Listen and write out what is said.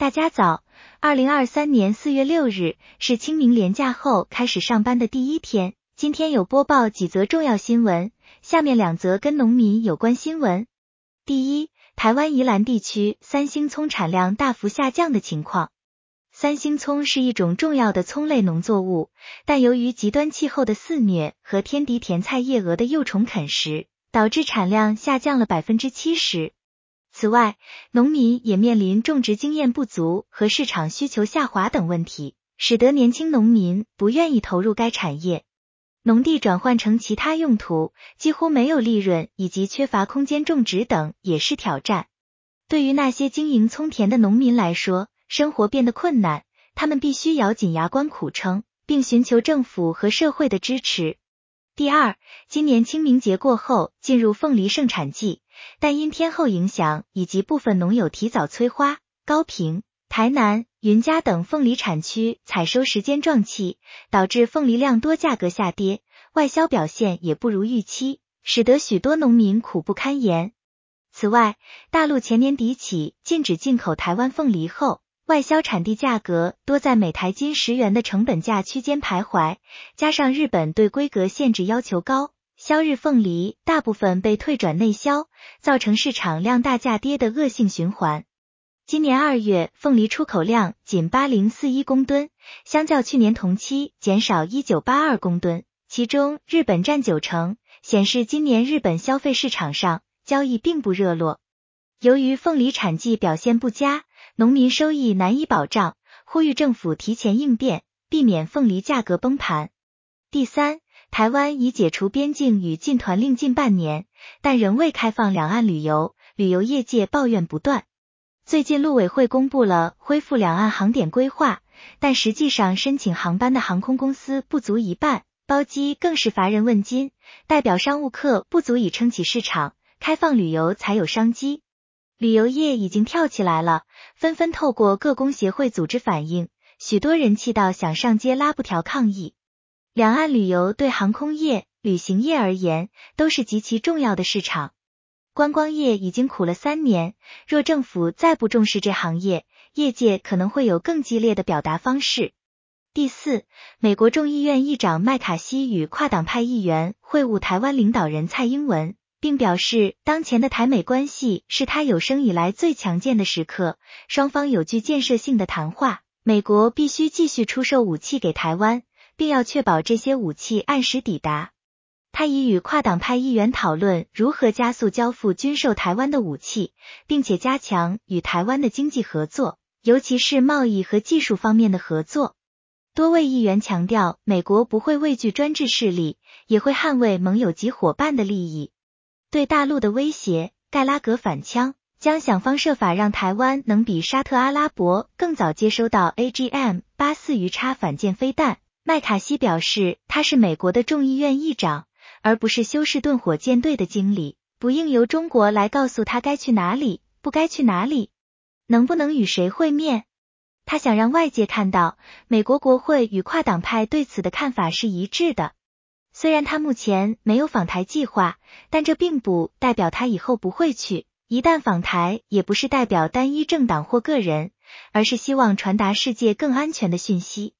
大家早，二零二三年四月六日是清明連假後開始上班的第一天。今天有播報幾則重要新聞，下面兩則跟農民有關新聞。第一，台灣宜蘭地區三星蔥產量大幅下降的情況。三星蔥是一種重要的蔥類農作物，但由於極端氣候的肆虐和天敵甜菜葉蛾的幼蟲啃食，導致產量下降了百分之七十。此外，農民也面臨種植經驗不足和市場需求下滑等問題，使得年輕農民不願意投入該產業。農地轉換成其他用途幾乎沒有利潤，以及缺乏空間種植等也是挑戰。對於那些經營蔥田的農民來說，生活變得困難，他們必須咬緊牙關苦撐，並尋求政府和社會的支持。第二，今年清明節過後進入鳳梨盛產季。但因天候影響以及部分農友提早催花，高屏、台南、雲嘉等鳳梨產區採收時間撞期，導致鳳梨量多價格下跌，外銷表現也不如預期，使得許多農民苦不堪言。此外，大陸前年底起禁止進口台灣鳳梨後，外銷產地價格多在每台斤十元的成本價區間徘徊，加上日本對規格限制要求高。銷日鳳梨大部分被退轉內銷，造成市場量大價跌的惡性循環。今年二月，鳳梨出口量僅八零四一公噸，相較去年同期減少一九八二公噸，其中日本佔九成，顯示今年日本消費市場上交易並不熱絡。由於鳳梨產季表現不佳，農民收益難以保障，呼籲政府提前應變，避免鳳梨價格崩盤。第三。台灣已解除邊境與禁團令近半年，但仍未開放兩岸旅遊，旅遊業界抱怨不斷。最近陸委會公布了恢復兩岸航點規劃，但實際上申請航班的航空公司不足一半，包機更是乏人問津，代表商務客不足以撐起市場，開放旅遊才有商機。旅遊業已經跳起來了，紛紛透過各公協會組織反映，許多人氣到想上街拉布條抗議。兩岸旅遊對航空業、旅行業而言都是極其重要的市場，觀光業已經苦了三年，若政府再不重視這行業，業界可能會有更激烈的表達方式。第四，美國眾議院議長麥卡錫與跨黨派議員會晤台灣領導人蔡英文，並表示當前的台美關係是他有生以來最強健的時刻，雙方有具建設性的談話，美國必須繼續出售武器給台灣。並要確保這些武器按時抵達。他已與跨黨派議員討論如何加速交付軍售台灣的武器，並且加強與台灣的經濟合作，尤其是貿易和技術方面的合作。多位議員強調，美國不會畏懼專制勢力，也會捍衛盟友及夥伴的利益。對大陸的威脅，蓋拉格反嗆將想方設法讓台灣能比沙特阿拉伯更早接收到 AGM-84 魚叉反艦飛彈。麥卡錫表示，他是美國的眾議院議長，而不是休士頓火箭隊的經理，不應由中國來告訴他該去哪裡，不該去哪裡，能不能與誰會面。他想讓外界看到，美國國會與跨黨派對此的看法是一致的。雖然他目前沒有訪台計劃，但這並不代表他以後不會去。一旦訪台，也不是代表單一政黨或個人，而是希望傳達世界更安全的訊息。